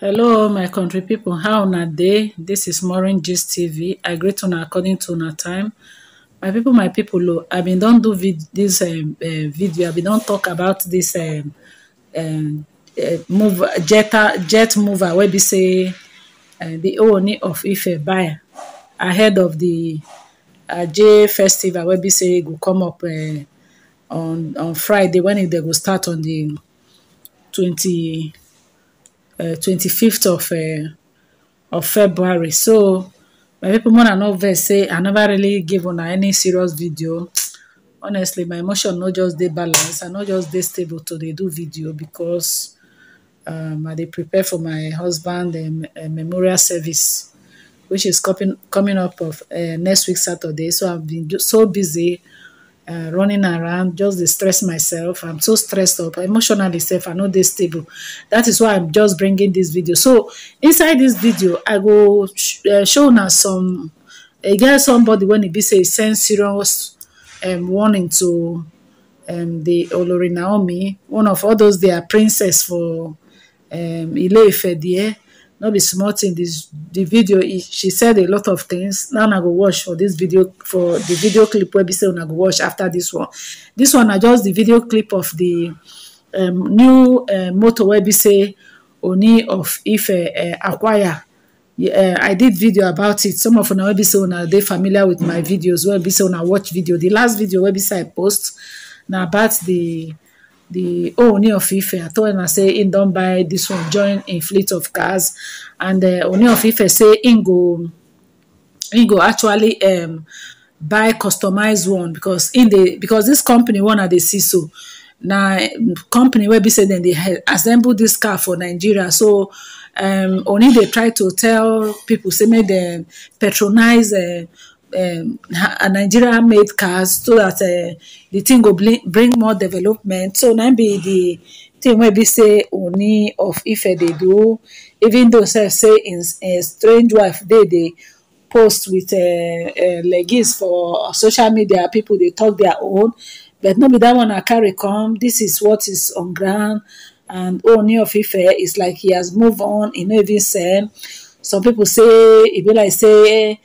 Hello my country people how na day? This is Maureen Gist TV. I greet on according to na time. My people my people Look, oh, I been don do vid this um, uh, video I been don talk about this um, um, uh, move jetta jet mover wey be say uh, the owner of Ife buy ahead of the J festival wey be say e go come up uh, on on Friday when they e go start on the twenty. Uh, twenty fifth of uh, of february so my people more than not say i never really given any serious video honestly my emotion not just dey balance i not just dey stable to they do video because um, i they prepare for my husband um, uh, memorial service which is coming coming up of uh, next week saturday so i've been so busy uh, running around just dey stress myself i'm so stressed up emotionally sef i no dey stable that is why i'm just bringing this video so inside this video i go uh, show na some e get somebody when e be say e send serious um, warning to um, the olori naomi one of all those their princess for um, ile ife there Not be small thing this the video she said a lot of things now i go watch for this video for the video clip where we say I go watch after this one this one na just the video clip of the um, new uh, motor where we say Oni of if uh, acquire uh, I did video about it. Some of una wey be say una familiar with my videos. Wey be say una watch video. The last video wey be say I post Now about the the oh oni of ife i told na say im don buy dis one join im fleet of cars and uh, oni of ife say im go go actually um, buy customized one becos in the because dis company one i dey see so na company wey be say dem dey assemble dis car for nigeria so um, oni dey try to tell people say make dem patronize um, um, a Nigeria made cars so that uh, the thing go bring more development. So now be the thing wey be say oni of Ife dey do even though sef say im uh, strange wife dey dey post with uh, uh, leggings for social media people dey talk their own but no be that one I carry come this is what is on ground and oni of Ife is like he has move on he no even send some people say e be like say. Eh,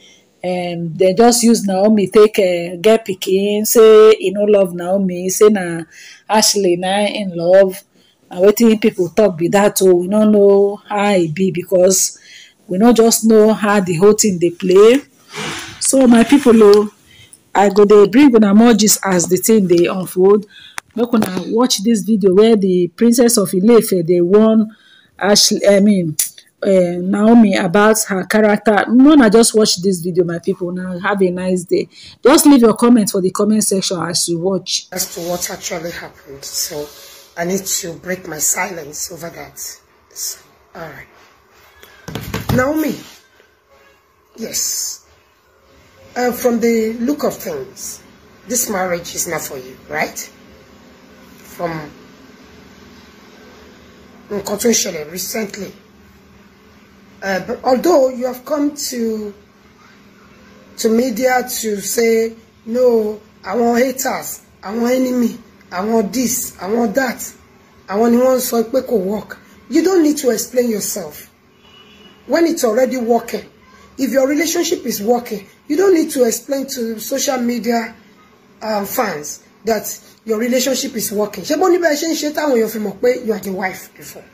um, dem just use naomi take uh, get pikin say e no love naomi say na ashley na im love and wetin people talk be that o oh, we no know how e be because we no just know how the whole thing dey play so my people o oh, i go dey bring una more gist as the thing dey unfold make una watch this video where the princess of Ile-Ife dey warn ashley i mean uh, Naomi about her character. I just watched this video, my people. Now, have a nice day. Just leave your comments for the comment section as you watch. As to what actually happened. So, I need to break my silence over that. So, all right. Naomi. Yes. Uh, from the look of things, this marriage is not for you, right? From... Nkotunsele recently. Uh, but although you have come to to media to say no I want haters I want enemy I want this I want that I want wọ́n so pé kò work you don't need to explain yourself when it's already working if your relationship is working you don't need to explain to social media um, fans that your relationship is working ṣé bó ní bẹ́ẹ̀ ṣe ń ṣe táwọn èèyàn fi mọ̀ pé you are the wife before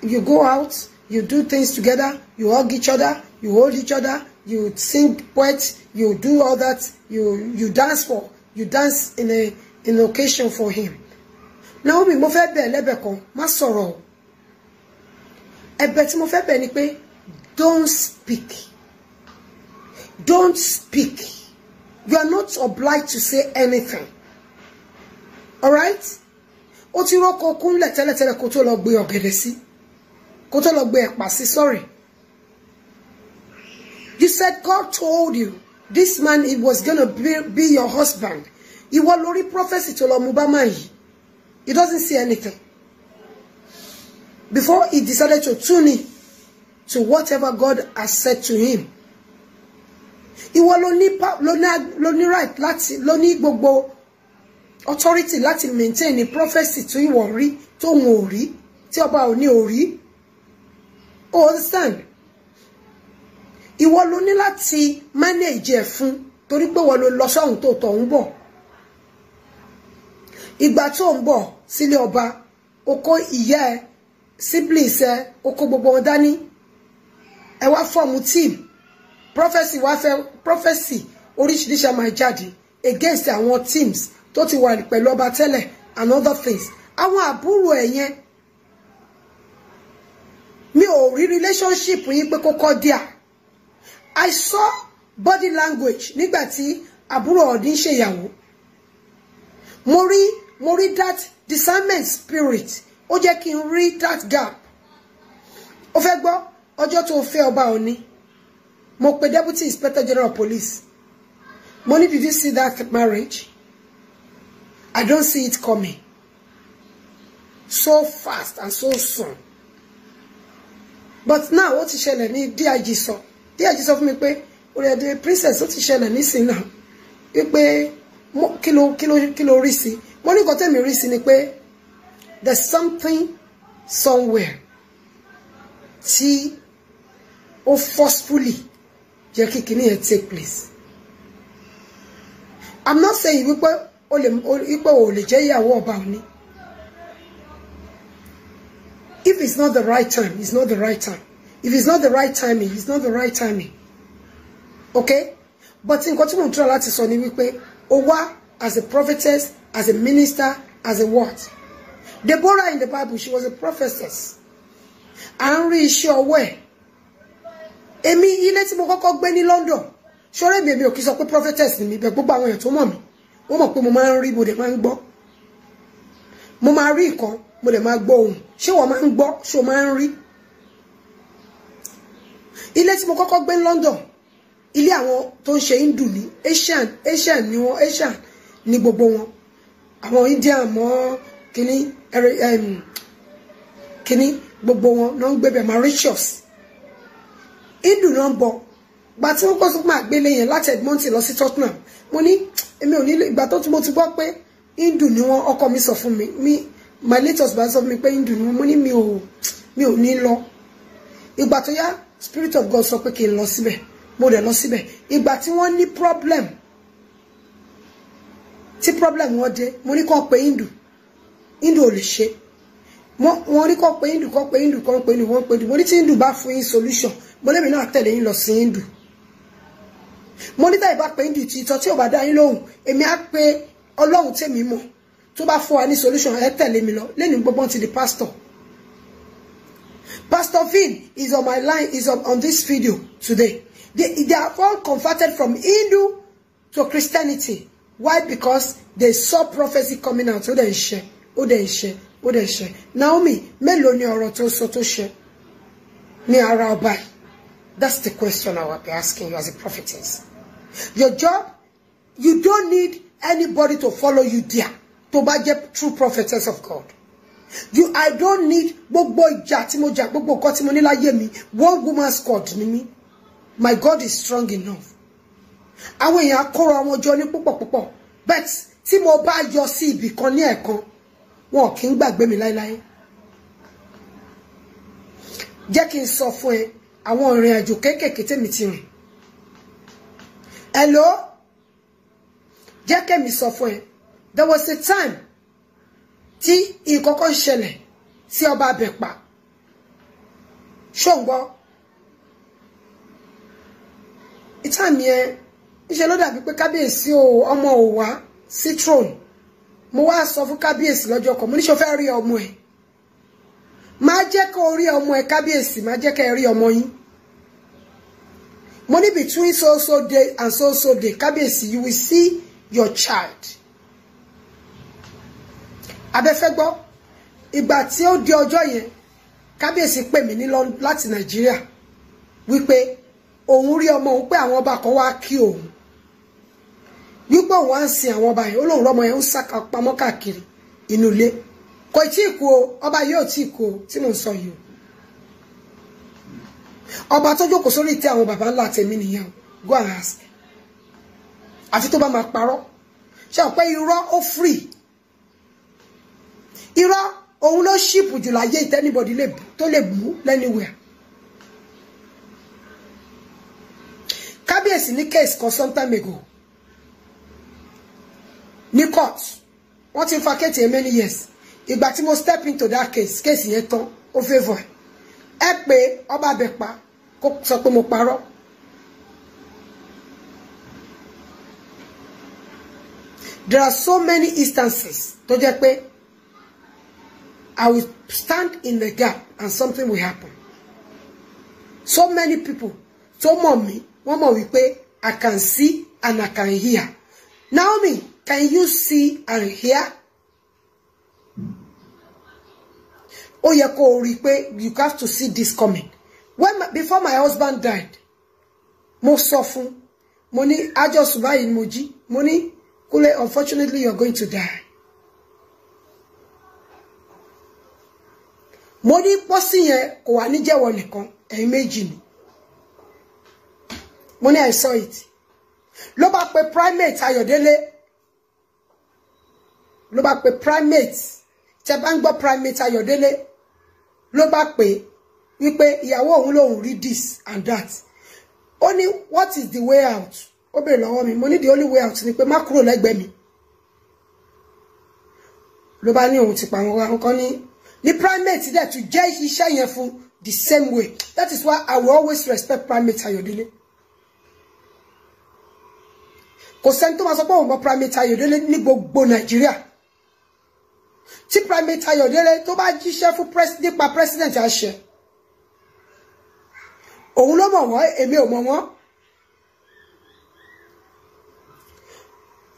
you go out you do things together, you hug each other, you hold each other, you sing poet, you do all that, you you dance for, you dance in a in occasion for him. Now mo fẹ́ bẹ̀ lẹ́bẹ̀ kan má sọ̀rọ̀ o. Ẹ̀bẹ̀ tí mo fẹ́ bẹ̀ ni pé don't speak. Don't speak. You are not obliged to say anything. All right? Ó ti rọ́kọ̀ kúnlẹ̀ tẹ́lẹ̀tẹ́lẹ̀ kó tó lọ gbé ọ̀gẹ̀dẹ̀ sí. Si kó tó lọ gbé ẹ̀pà sí sọ́rẹ̀. You said God told you this man he was gonna be, be your husband. Ìwọ lórí prophecy tó lọ mú bá máa yìí. He doesn't see anything. Before he decided to tune in to whatever God has said to him. Ìwọ ló ní ló ní right láti ló ní gbogbo authority láti maintain the prophecy tó ìwọ rí tó òun ò rí tí ọba ò ní ò rí o understand ìwọ ló ní láti manage ẹ̀ fún torí pé wọ́n ló lọ sọ́hun tó tọ̀ ń bọ̀ ìgbà tó ń bọ̀ sílé ọba o kó ìyá ẹ siblings ẹ o kó gbogbo wọn dání ẹ wá fọ́ọ̀mù team prophesy wá fẹ́ prophesy oríṣiríṣi a jáde against àwọn teams tó ti wà pẹ̀lú ọba tẹ́lẹ̀ and other things àwọn àbúrò ẹ̀ yẹn mi ò rí relationship yín pé kó cordial i saw body language nígbà tí àbúrò ọ̀dí ń mo rí mo rí that discernment spirit ó jẹ́ kí n rí that gap ó fẹ́ gbọ́ ọjọ́ tó fẹ́ ọba òní mo pe deputy inspector general of police mo ní did you see that marriage i don't see it coming so fast and so soon but now what is she ní dig sọ dig sọ fún mi pé orílẹ̀-èdè princess what is she nísìnyí náà wípé kí ló kí kilo kí ló rí sí mo ní nǹkan tẹ̀mí rí ni pé there's something somewhere tí ó forcefully jẹ́ kí kinní yẹn take place i'm not saying wípé o lè wípé o lè jẹ́ ìyàwó ọba òní If it's not the right time, it's not the right time. If it's not the right timing, it's not the right timing. Okay? But in tí mo ń try láti sọ ni wípé o as a prophetess, as a minister, as a what? Deborah in the Bible, she was a prophetess. I'm really sure where. ọwọ́ ẹ̀. let ilé go mo kọ́kọ́ London. Ṣọ́rẹ́ mi èmi ò kí sọ prophetess ni mi bẹ̀ gbogbo àwọn èèyàn tó mọ̀ come Wọ́n mọ̀ pé mo máa ń rí mo mo lè máa gbọ́ ohùn ṣé wọ́n máa ń gbọ́ ṣé o máa ń rí ilé tí mo kọ́kọ́ gbé ní London ilé àwọn tó ń ṣe hindu ní asian asian ni wọn asian ni gbogbo wọn àwọn indian mọ kínní kínní gbogbo wọn náà ń gbébẹ Mauritius hindu náà ń bọ gba tí wọn kọ tó máa gbélé yẹn láti Edmonton lọ sí Tottenham mo ní èmi ò nílò ìgbà tó ti mo ti gbọ́ pé hindu ni wọn ọkọ mi sọ fún mi mi my late husband of me, mi pé hindu ni mo ní mi ò mi ò ní lọ ìgbà tó yá spirit of God so pé kí n lọ síbẹ̀ mo dẹ̀ lọ síbẹ̀ ìgbà tí wọ́n ní problem tí problem wọn dé mo ní kàn pé hindu hindu ò lè ṣe wọ́n ní kàn pé hindu kàn pé hindu kàn pé hindu wọ́n pé hindu mo ní tí hindu bá fún yín solution mo lẹ́mi náà tẹ̀lé yín lọ sí hindu mo ní táyì bá pé hindu tí ìtọ́ tí ò bá dá yín lóhùn èmi á pe ọlọ́run tèmi mọ̀ tó bá fún wa ní solution ẹ "No, let lọ go gbogbo ti the pastor Pastor Vin is on my line, is on, on this video today. They, they are all converted from Hindu to Christianity. Why? Because they saw prophecy coming out. Ó dẹ̀ ṣe, ó dẹ̀ ṣe, ó dẹ̀ ṣe. Naomi, Melony, ni ọ̀rọ̀ tó sọ tó ṣe ní ara ọba? That's the question I will be asking you as a prophetess. Your job, you don't need anybody to follow you there. To bá jẹ́ true prophetess of God you I don't need gbogbo ìjà tí mo jà gbogbo nǹkan tí mo ní láyé mi one woman's God ni mí my God is strong enough àwọn èèyàn akọ́rọ̀ àwọn ọjọ́ ní púpọ̀ púpọ̀ but tí mo bá yọ sí ibì kan ní ẹ̀ẹ̀kan wọn kì í gbàgbé mi láéláé jẹ́ kí n sọ fún ẹ àwọn ìrìn àjò kéékèèké tèmi ti rìn hello jẹ́ kẹ́mi sọ fún ẹ there was a time tí ìkọ́kọ́ ṣẹlẹ̀ sí ọba abẹ́pa ṣóǹgbọ́ ìtàmì ẹ níṣẹ́ ló dàbí pé kábíyèsí o ọmọ ò wá sí throne mo wá sọ fún kábíyèsí lọ́jọ́ kan mo ní ṣe fẹ́ rí ọmọ ẹ̀ máa jẹ́ kó rí ọmọ ẹ̀ kábíyèsí máa jẹ́ kẹ́ rí ọmọ yín mo between so so day and so so day kábíyèsí you will see your child abẹ́fẹ́ gbọ́ ìgbà tí ó di ọjọ́ yẹn kábíyèsí pè mí ní láti nàìjíríà wípé òun rí ọmọ òun pé àwọn ọba kan wá kí òun wípé òun á ń sin àwọn ọba yẹn ó lóun rọmọ yẹn ń sàkà pamọ́ káàkiri inú ilé kò tí ì kú o ọba yìí ò tí ì kú o tí mò ń sọ yìí o ọba tó jókòó sórí ìtẹ́ àwọn baba ńlá tèmi nìyẹn go and ask àfi tó bá máa parọ́ ṣe ọ̀pẹ́ irọ́ ó free irọ́ òun ló ṣìpù jù láyé ìtẹ́ anybody tó lè bú lẹ́niwẹ̀ẹ́ kábíyèsí ní case kan sometime ago ní court wọ́n ti ń fa kéètì many years ìgbà tí mo step into that case case yẹn tán ó favour ẹ pé ọba abẹ pa kó sọ pé mo parọ́ there are so many instances tó jẹ́ pé I will stand in the gap and something will happen. So many people told mommy, one more we pay, I can see and I can hear. Naomi, can you see and hear? Oh, yẹ kó rí pé you have to see this coming. When my, before my husband died, mo sọ fún, mo ní ajo subayi mo unfortunately you're going to die. mo ní pósí yẹn kò wá ní jẹ́wọ́ nìkan ẹ̀yin méjì ni mo ní I saw it ló bá pe primate Ayọ̀délé ló bá pe primate tẹ bá ń gbọ́ primate Ayọ̀délé ló bá pe wípé ìyàwó òun lòun rí this and that ó ní what is the way out ó béèrè lọ́wọ́ mi mo ní the only way out ni pé má kúrò lẹ́gbẹ̀ẹ́ mi ló bá ní òun ti pa àwọn kan ní The primate dẹ̀ tún jẹ́ iṣẹ́ yẹn fún the same way that is why I will always respect primate Ayọ̀délé kò sẹ́ni tó máa sọ pé òun mọ primate Ayọ̀délé ní gbogbo Nàìjíríà tí primate Ayọ̀délé tó bá jíṣẹ́ president àṣẹ òun ló mọ̀ wọ́n èmi ò mọ̀ wọ́n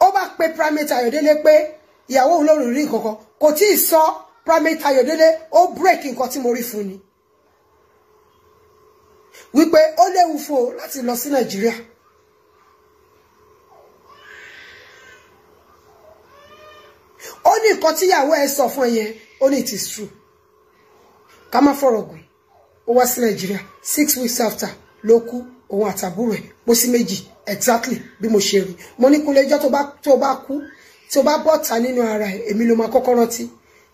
ó bá pe primate Ayọ̀délé pé ìyàwó òun lòun rí nǹkan kan kò tí So, primary Tayọ̀délé ó break nǹkan tí mo rí fún ni wípé ó léwu fún o láti lọ sí Nàìjíríà ó ní nǹkan tíyàwó ẹ it is true ká má fọ̀rọ̀ gùn ó wá sí six weeks after ló kú òun mosi meji exactly bí mo ṣe rí mo ní Kúnlé ìjọ́ tó bá kú tó bá bọ́ta nínú ara ẹ̀ èmi ló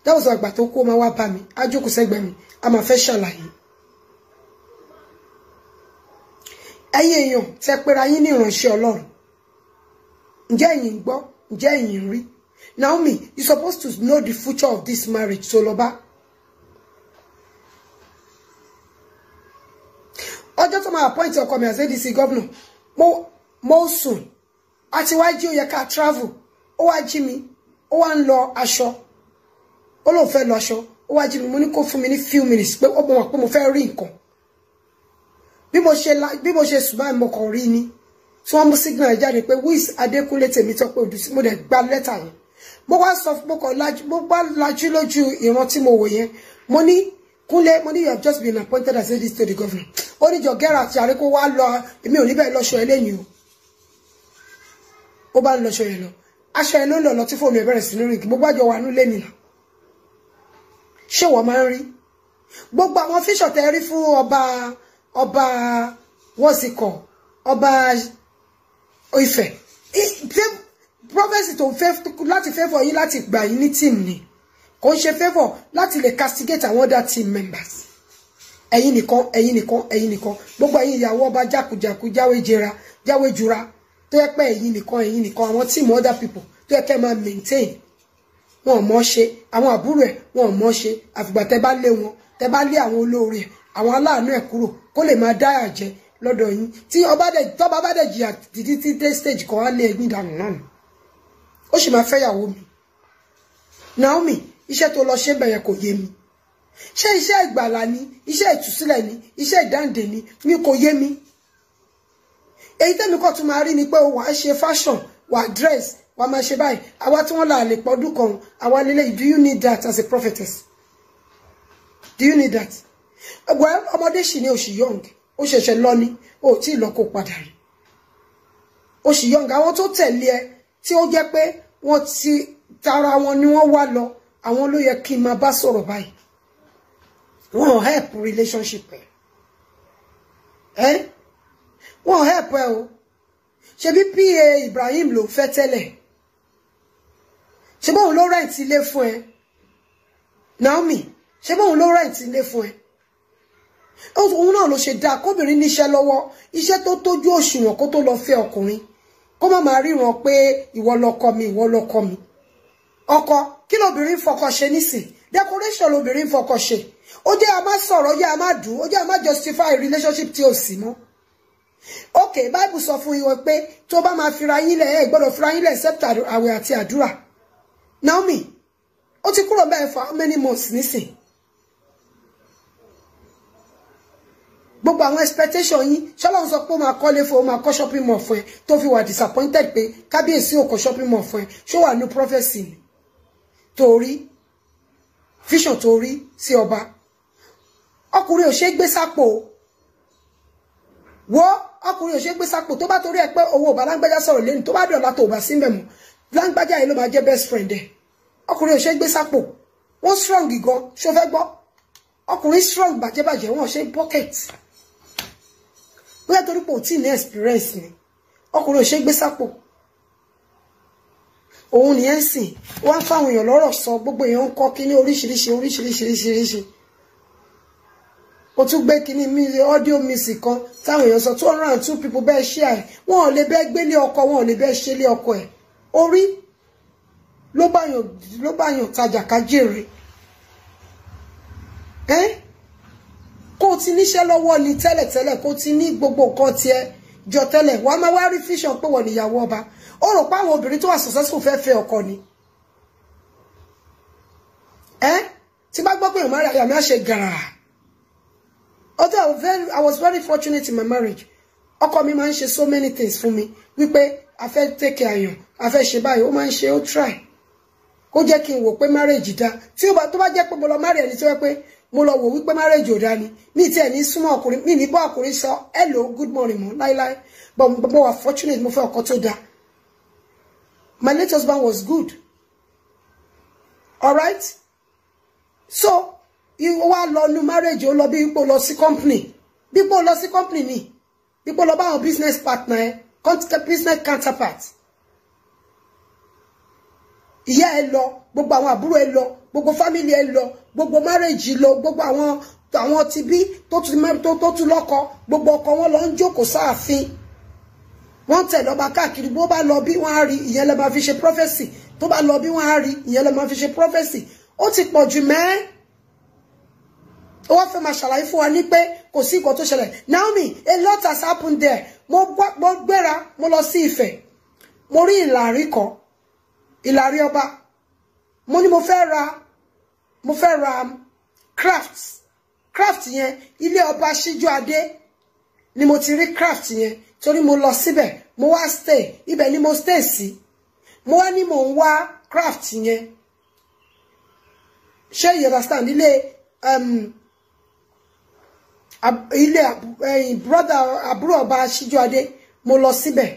dáwùsọ àgbà tó kó máa wá bá mi á jókòó sẹ́gbẹ́ mi a máa fẹ́ ṣàlàyé ẹ̀yin èèyàn tẹ pera yín ní ìránṣẹ́ Ọlọ́run nje ẹ̀yin gbọ́ nje ẹ̀yin rí Naomi you supposed to know the future of this marriage Toloba ojo to ma appoint ọkọ mi as adc governor mo mo sùn àti wá jí ó yẹ ká travel mi o wa nlo lọ ó lóun fẹ́ lọ aṣọ ó wá jí mi mo ní kó fún mi ní few minutes pé ó mọ̀ pé mo fẹ́ rí nǹkan bí mo ṣe la bí mo ṣe sùn báyìí mo kàn rí ni tí wọ́n mú signal ẹ̀ jáde pé wíìs adékúnlé tèmi tọ́ pé òdùsí mo dẹ̀ gba lẹ́tà yẹn mo wá sọ mo kàn mo bá lajú lójú ìran tí mo wò yẹn mo ní kúnlé mo ní you have just been appointed as aide of the governor ó ní jọ gẹ́rà àti àríkó wá lọ èmi ò ní bẹ́ẹ̀ lọ́ṣọ eléyìí o ó bá ń lọ́ṣọ yẹn lọ aṣọ yẹn ló ń lọ lọ tí fóònù ẹ̀ bẹ̀rẹ̀ sí ní rìn gbogbo àjọ wà nílé nìyẹn ṣé wọ́n máa ń rí gbogbo àwọn fíṣọ̀ tẹ rí fún ọba ọba wọ́sìkọ̀ ọba Ifẹ̀ prophesy tó ń fẹ́ láti fẹ́fọ̀ yín láti gbà yín ní team ni kò ń ṣe fẹ́fọ̀ láti lè castigate àwọn other team members ẹ̀yin nìkan ẹ̀yin nìkan ẹ̀yin nìkan gbogbo ẹ̀yin ìyàwó ọba jákujàku jáwé jẹra jáwé jura tó yẹ pé ẹ̀yin nìkan ẹ̀yin nìkan àwọn team other people tó yẹ kẹ́ máa maintain wọn ò mọ̀ ṣe àwọn àbúrò ẹ̀ wọn ò mọ̀ ṣe àfìgbà tẹ́ bá lé wọn tẹ́ bá lé àwọn olóore ẹ̀ àwọn aláàánú ẹ̀ kúrò kó lè máa dáyà jẹ lọ́dọ̀ yín tí ọba dẹ̀ tọ́ba bá dẹ̀ jìyà títí tí dé stage kan á lé ẹ̀gbìn dànù náà nù ó sì máa fẹ́yàwó mi Naomi iṣẹ́ tó lọ ṣe bẹ̀yẹn kò yé mi ṣé iṣẹ́ ìgbàlà ni iṣẹ́ ìtúsílẹ̀ ni iṣẹ́ ìdáǹdè ni mi kò yé mi èyí tẹ́mi kọ́ tún máa rí ni pé wàá ṣe fashion wàá dress wàá máa ṣe báyìí àwa tí wọ́n là lè pọ̀ kan àwa lélẹ̀ do you need that as a prophetess do you need that ẹgbẹ́ ọmọdé ṣì ni òṣì young ó ṣẹ̀ṣẹ̀ lọ ni ó tí ì lọ kó padà rí òṣì young àwọn tó tẹ̀lé ẹ tí ó jẹ́ pé wọ́n ti tara wọn ni wọ́n wá lọ àwọn ló yẹ kí n máa bá sọ̀rọ̀ báyìí help relationship ẹ̀ ẹ́ wọ́n help ẹ o ṣebí pa Ibrahim lo fẹ́ tẹ́lẹ̀ ṣé bóun ló rẹ̀ǹtì ilé fún ẹ Naomi ṣé bóun ló rẹ̀ǹtì ilé fún ẹ òun náà ló ṣe dáa kóbìnrin níṣẹ́ lọ́wọ́ iṣẹ́ tó tójú òṣùwọ̀n kó tó lọ fẹ́ ọkùnrin kó má máa ríran pé ìwọ lọkọ mi ìwọ lọkọ mi ọkọ kí lobìnrin fọkọ ṣe nísìn decoration lobìnrin fọkọ ṣe ó jẹ́ a má sọ̀rọ̀ ó jẹ́ a má dùn ó jẹ́ a má justify relationship tí o sì mọ́ ok bible sọ fún ìwọ pé tó bá máa fira yín lẹ̀ ẹ gbọ́dọ̀ fira yín lẹ̀ except àwẹ̀ àti àdúrà Naomi ó ti kúrò bẹ́ẹ̀ for how many months nísìn gbogbo àwọn expectation yín ṣọlọ́run sọ pé ó máa kọ́lé fún ó máa kọ́ shopping mall fún ẹ tó fi wà disappointed pé kábíyèsí ò kọ́ shopping mall fún ẹ ṣó wà ní prophecy ni torí vision torí sí ọba ọkùnrin ò ṣe gbé sápò wọ́ ọkùnrin ò ṣe gbé sápò tó bá torí ẹ pé owó ọba lágbájá sọ̀rọ̀ lẹ́nu tó bá dọ̀la tó bá sí mẹ́mọ́ lágbájá yìí ló máa jẹ́ best friend ẹ̀ ọkùnrin ò ṣe gbé sápò wọ́n strong gan ṣó fẹ́ gbọ́ ọkùnrin strong bàjẹ́bàjẹ́ wọn ò ṣe pocket bóyá torí pé ò tí ní experience ni ọkùnrin ò ṣe gbé sápò òun nìyẹn sìn wá fáwọn èèyàn lọ́rọ̀ sọ gbogbo èèyàn ń kọ́ kíní oríṣiríṣi oríṣiríṣi oríṣiríṣi o tún gbé kíní mi audio music kan táwọn èèyàn sọ two hundred and two people bẹ́ẹ̀ ṣe ẹ̀ wọ́n ò lè bẹ́ẹ̀ gbélé ọkọ wọn ò lè bẹ́ẹ̀ ṣe lé ọkọ ẹ̀ orí ló bá yàn ló bá yàn tajà ká jèrè ẹ́n kó o ti níṣẹ́ lọ́wọ́ ni tẹ́lẹ̀tẹ́lẹ̀ kó o ti ní gbogbo nǹkan tiẹ̀ jọ tẹ́lẹ̀ wàá máa wá rí fíṣàn pé wọ́n níyàwó ọba ó rò pé àwọn obìnrin tó wà successful fẹ́ fẹ́ ọkọ ni ẹ́n tí bá gbọ́ pé ìmọ̀ ara yàmi á gàrà although I was very fortunate in my marriage ọkọ mi máa ń ṣe so many things fún mi wípé a fẹ́ take care àyàn a fẹ́ ṣe báyìí ó máa ń ṣe ó try kó jẹ́ kí n wò pé marriage dá tí ó bá tó bá jẹ́ pé mo lọ marry ẹni tí wọ́n pé mo lọ wò wípé marriage ò dá ni mi tiẹ̀ ní súnmọ́ ọkùnrin mi ní bọ́ ọkùnrin sọ hello good morning mọ́ láíláí but mo wà fortunate mo fẹ́ ọkọ tó dáa my late husband was good alright so ìwọ wa lọ nu marriage ó lọ bí ipò lọ sí company bí ipò lọ sí company mi dípò lọ bá àwọn business partner ẹ business counterpart ìyá ẹ lọ gbogbo àwọn àbúrò ẹ lọ gbogbo family ẹ lọ gbogbo marriage lọ gbogbo àwọn àwọn ti bí tó tún mẹ́rin tó tó tún lọ́kọ gbogbo ọkọ wọn lọ ń jókòó sáàfin wọ́n tẹ̀ lọ́ba káàkiri bó bá lọ bí wọ́n á rí ìyẹn lè máa fi ṣe prophecy tó bá lọ bí wọ́n á rí ìyẹn lè máa fi ṣe prophecy ó ti pọ̀ jù mẹ́ẹ́ ó wá fẹ́ máa ṣàlàyé fún wa ní pé kò sí nǹkan tó ṣẹlẹ̀ Naomi a lot has happened there mo gbéra mo lọ sí Ifẹ̀ mo rí ìlàrí kan ìlàrí ọba mo ní mo fẹ́ ra mo fẹ́ ra craft craft yẹn ilé ọba Síjú Adé ni mo ti rí craft yẹn torí mo lọ síbẹ̀ mo wá stay ibẹ̀ ni mo stay sí mo wá ní mo ń wá craft yẹn ṣé you understand ilé um, ilé eh, brother àbúrò ọba Síjúadé mo lọ síbẹ̀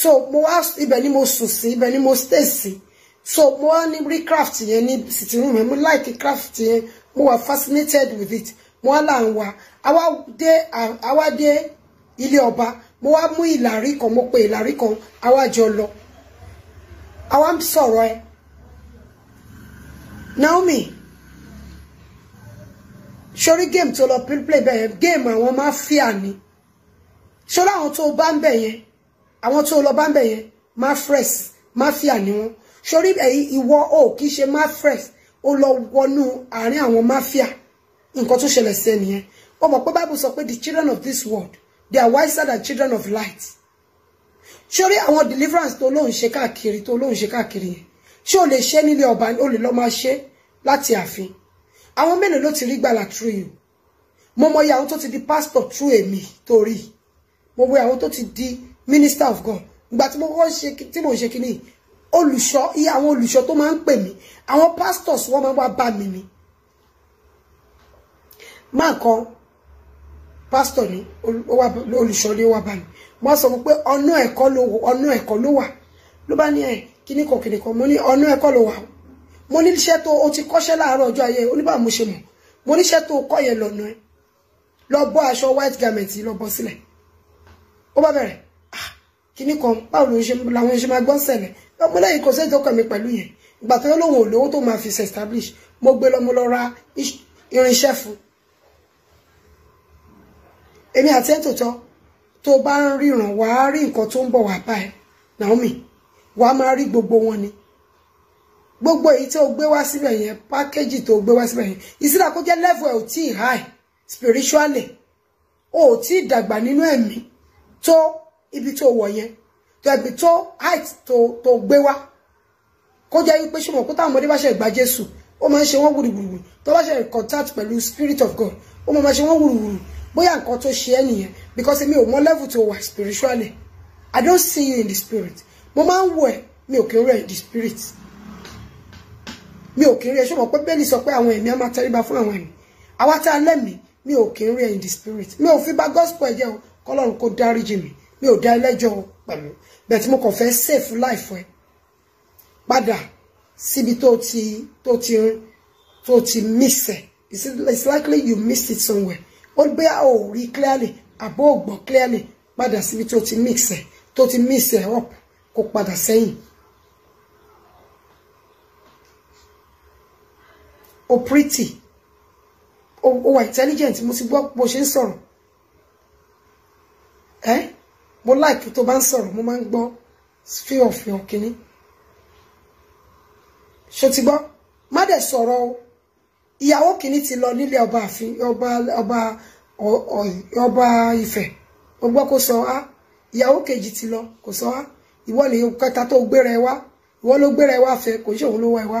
so mo wá ibẹ̀ ni mo sùn sí ibẹ̀ ni mo stay sí so mo wá ní rí craft yẹn ní sitting room yẹn mo like craft yẹn mo wà fascinated with it mo wá là ń wá àwa dé ilé ọba mo wá mú ìlàrí kan mo pe ìlàrí kan àwa jọ lọ àwa ń sọ̀rọ̀ ẹ Naomi sórí game to lo play bẹ́ẹ̀ yẹn game àwọn máfíà ni sórí àwọn tó bá ń bẹ̀ yẹn àwọn tó lọ bá ń bẹ̀ yẹn mafres máfíà ni wọ́n sórí iwo o kì í ṣe mafres ó lọ wọnú àárín àwọn máfíà nǹkan tó ṣẹlẹ̀ sí ẹnìyẹn ó mọ̀ pé bible sọ pé the children of this world they are wiser than children of light sórí àwọn deliverance to lóun ṣe káàkiri tó lóun ṣe káàkiri yẹn ṣé o lè ṣe nílé ọba o lè lọ máa ṣe láti ààfin àwọn mélòó ló ti rí gbàlà through you mo mọ ìyàwó tó ti di pastor through èmi torí mo mọ ìyàwó tó ti di minister of God ìgbà tí mo kọ́kọ́ ṣe tí mo ṣe kíní olùṣọ́ iye àwọn olùṣọ́ tó máa ń pè mí àwọn pastors wọ́n máa wá bá mi ni máa kan pastor ni olùṣọ́ ni ó wá bá mi mo sọ fún pé ọ̀nà ẹ̀kọ́ ló wà ọ̀nà ẹ̀kọ́ ló wà ló bá ní ẹ̀ kíní kan mo ní ọ̀nà ẹ̀kọ́ ló wà mo ní iṣẹ́ tó o ti kọ́ṣẹ́ láàárọ̀ ọjọ́ ayé oníbà mo ṣe mọ̀ mo níṣẹ́ tó kọ́ yẹn lọ́nà ẹ lọ bọ́ aṣọ white garment lọ bọ́ sílẹ̀ ó bá bẹ̀rẹ̀ ah, kíní kan báwo ló ń ṣe làwọn ṣe máa gbọ́ sẹ̀lẹ̀ ọmọ lẹ́yìn kò sẹ́ni tó kàn mí pẹ̀lú yẹn ìgbà tó lóun ò lówó tó máa fi ṣe establish mo gbé lọ mo lọ ra irinṣẹ́ fún èmi àti ẹ̀ tòótọ́ tó bá ń ríran wàá rí nǹkan tó ń bọ̀ wá bá Naomi wàá máa rí gbogbo wọn ni gbogbo èyí tí o gbé wá síbẹ̀ yẹn pákéjì tó gbé wá síbẹ̀ yẹn ìsìlá kó jẹ́ level ẹ̀ ò tí ì high spiritually o ò tí ì dàgbà nínú ẹ̀mí tó ibi tó wọ̀ yẹn tó ẹ̀bí tó height tó tó gbé wá kó jẹ́ wípé ṣé mọ̀ kó táwọn ọmọdé bá ṣe gba Jésù ó máa ń ṣe wọ́n gbùrùgbùrù tó bá ṣe contact pẹ̀lú spirit of God ó máa ṣe wọ́n gbùrùgbùrù bóyá nǹkan tó ṣe ẹ́ nìyẹn because èmi ò mọ level tó wà spiritually I don't see you in the spirit mo máa ń wọ ẹ mi ò kí ń rẹ in the spirit mi ò kí ń rí ẹ ṣé mo pé bẹ́ẹ̀ ni sọ pé àwọn ẹ̀mí á máa tẹríba fún àwọn ẹ̀mí àwa tá a mi ò kí in the spirit mi ò fi bà gospel ẹ jẹ́ o kọ́lọ́run kó dáríjì mi mi ò dá ẹlẹ́jọ́ pẹ̀lú bẹ́ẹ̀ tí mo kàn fẹ́ safe life ẹ padà síbi tó ti tó ti tó ti miss it. it's likely you missed it somewhere ó gbé a ò rí clearly àbó ò clearly padà síbi tó ti mix ẹ ti miss ẹ up kó padà sẹ́yìn o pretty o o intelligent mo ti gbọ́ bó ṣe ń sọ̀rọ̀ mo like to bá ń sọ̀rọ̀ mo máa ń gbọ́ fíọ̀ fíọ̀ kínní ṣó ti gbọ́ má dẹ̀ sọ̀rọ̀ o ìyàwó kìíní ti lọ nílé ọba àfin ọba ọba ọba Ifẹ̀ ó gbọ́ kó sọ á ìyàwó kejì ti lọ kò sọ á ìwọ lè kẹta tó gbéra ẹ wá ìwọ ló gbéra ẹ wá fẹ́ kò ṣe òun ló wá ẹ wá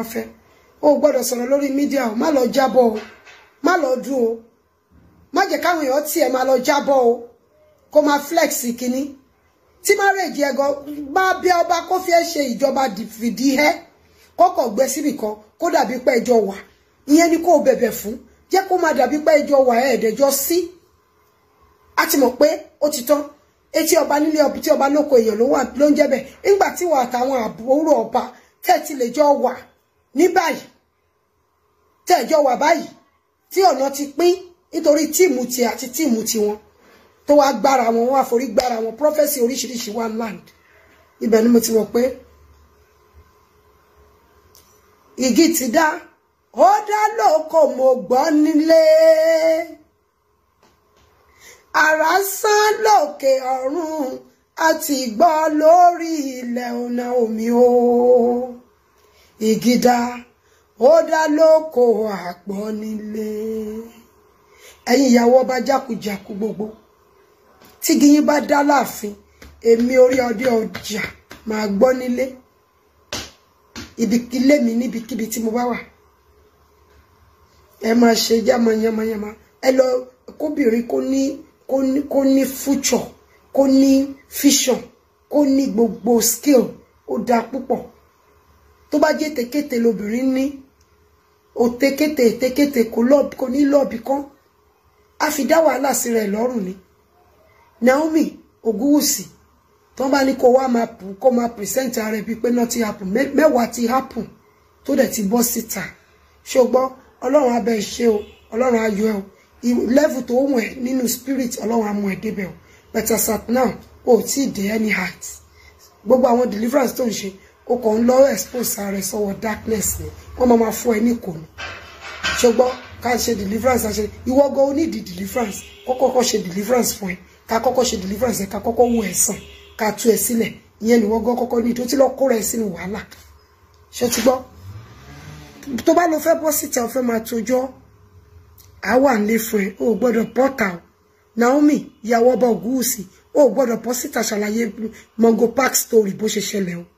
o gbọ́dọ̀ sọ̀rọ̀ lórí mídíà o má lọ jábọ̀ o má lọ dún o má jẹ́ káwọn èèyàn tiẹ̀ máa lọ jábọ̀ o kó máa flex kínní tí márèèjì ẹgọ bá bí ọba kó fi ẹ ṣe ìjọba fìdí ẹ kọkọ gbé síbì kan kó dàbí pé ẹjọ́ wà ìyẹn ni kó o bẹ̀bẹ̀ fún jẹ́ kó máa dàbí pé ẹjọ́ wà ẹ ẹdẹjọ sí a ti mọ̀ pé ó ti tán etí ọba nílé ọbí tí ọba lóko èèyàn ló ń jẹ́ bẹ́ẹ̀ nígbà tí wà àtàwọn àbúrò ọba tẹ́tí lè jọ wà ní báyìí tẹ́jọ wà báyìí tí ọ̀nà ti pín nítorí tíìmù ti àti tíìmù tiwọn tó wá gbára wọn wọn àforí gbára wọn prọfẹsì oríṣiríṣi one land ibẹ̀ ni mo ti wọ̀ pé igi ti dá ó dá lóko mo gbọ́ nílé àrá sán lókè ọ̀run àti gbọ́ lórí ilẹ̀ ọ̀nà omi o ìgìdá ó dá lóko àpọ̀ nílé ẹ̀yin ìyàwó ọba jákujàku gbogbo tígi yín bá dá láàfin èmi orí ọdẹ ọjà máa gbọ́ nílé ibi ilé mi níbikíbi tí mo bá wà ẹ máa ṣe jámanyamanyama ẹ lọ kóbìnrin kó ní kó ní kó ní future kó ní vision kó ní gbogbo skill ó dáa púpọ̀ tó bá jẹ́ tẹ̀kẹ́tẹ̀ lobìnrin ní o tẹ̀kẹ́tẹ̀ tẹ̀kẹ́tẹ̀ kò ní lọ́ọ̀bì kan a fi dá wàhálà sí rẹ̀ lọ́rùn ni Naomi Ogunwusi tó bá ní kó wá máa pù kó máa pìrìsẹ́ǹtì ara ẹ̀ bíi pé náà ti hapù mẹ́wàá ti hapù tó dẹ̀ ti bọ́ síta ṣé ọlọ́run abẹ́ ṣe o ọlọ́run ayọ̀ o level tó wù ẹ́ nínú spirit ọlọ́run amú ẹ̀ débẹ̀ o but as now o ti tí ì dé any height gbogbo àwọn deliverance tó ń ṣe o kàn ń expose ara ẹ sọwọ darkness ni wọn máa máa fọ ẹ ní kòní ṣùgbọ́n ká ṣe deliverance àṣẹ ìwọ gan onídìí deliverance kọ́kọ́kọ́ ṣe deliverance fún ẹ ká kọ́kọ́ deliverance ẹ ká kọ́kọ́ wo esan ká tú ẹ sílẹ̀ ìyẹn ni wọ́n gan koko ni ìdó tí lọ kóra ẹ sínú wàhálà ṣe ti gbọ́ tó bá lọ fẹ́ bọ́ síta o fẹ́ máa tojọ́ á wà nílé fún ẹ o gbọ́dọ̀ bọ́ta o Naomi ìyàwó ọba o gbọ́dọ̀ bọ́ síta Mongo Park story bó ṣe ṣẹlẹ̀ o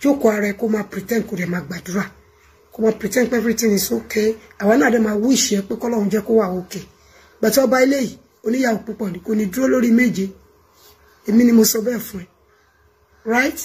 jókòó ara ẹ kó máa pretend kó dẹ̀ máa gbàdúrà kó máa pretend pé everything is okay àwa náà dẹ̀ máa wish ẹ pé kọ́lọ́run jẹ́ kó wà okay gbàtí ọba ilé yìí oníyàwó púpọ̀ ni kò ní dúró lórí méje èmi ni mo sọ bẹ́ẹ̀ fún ẹ right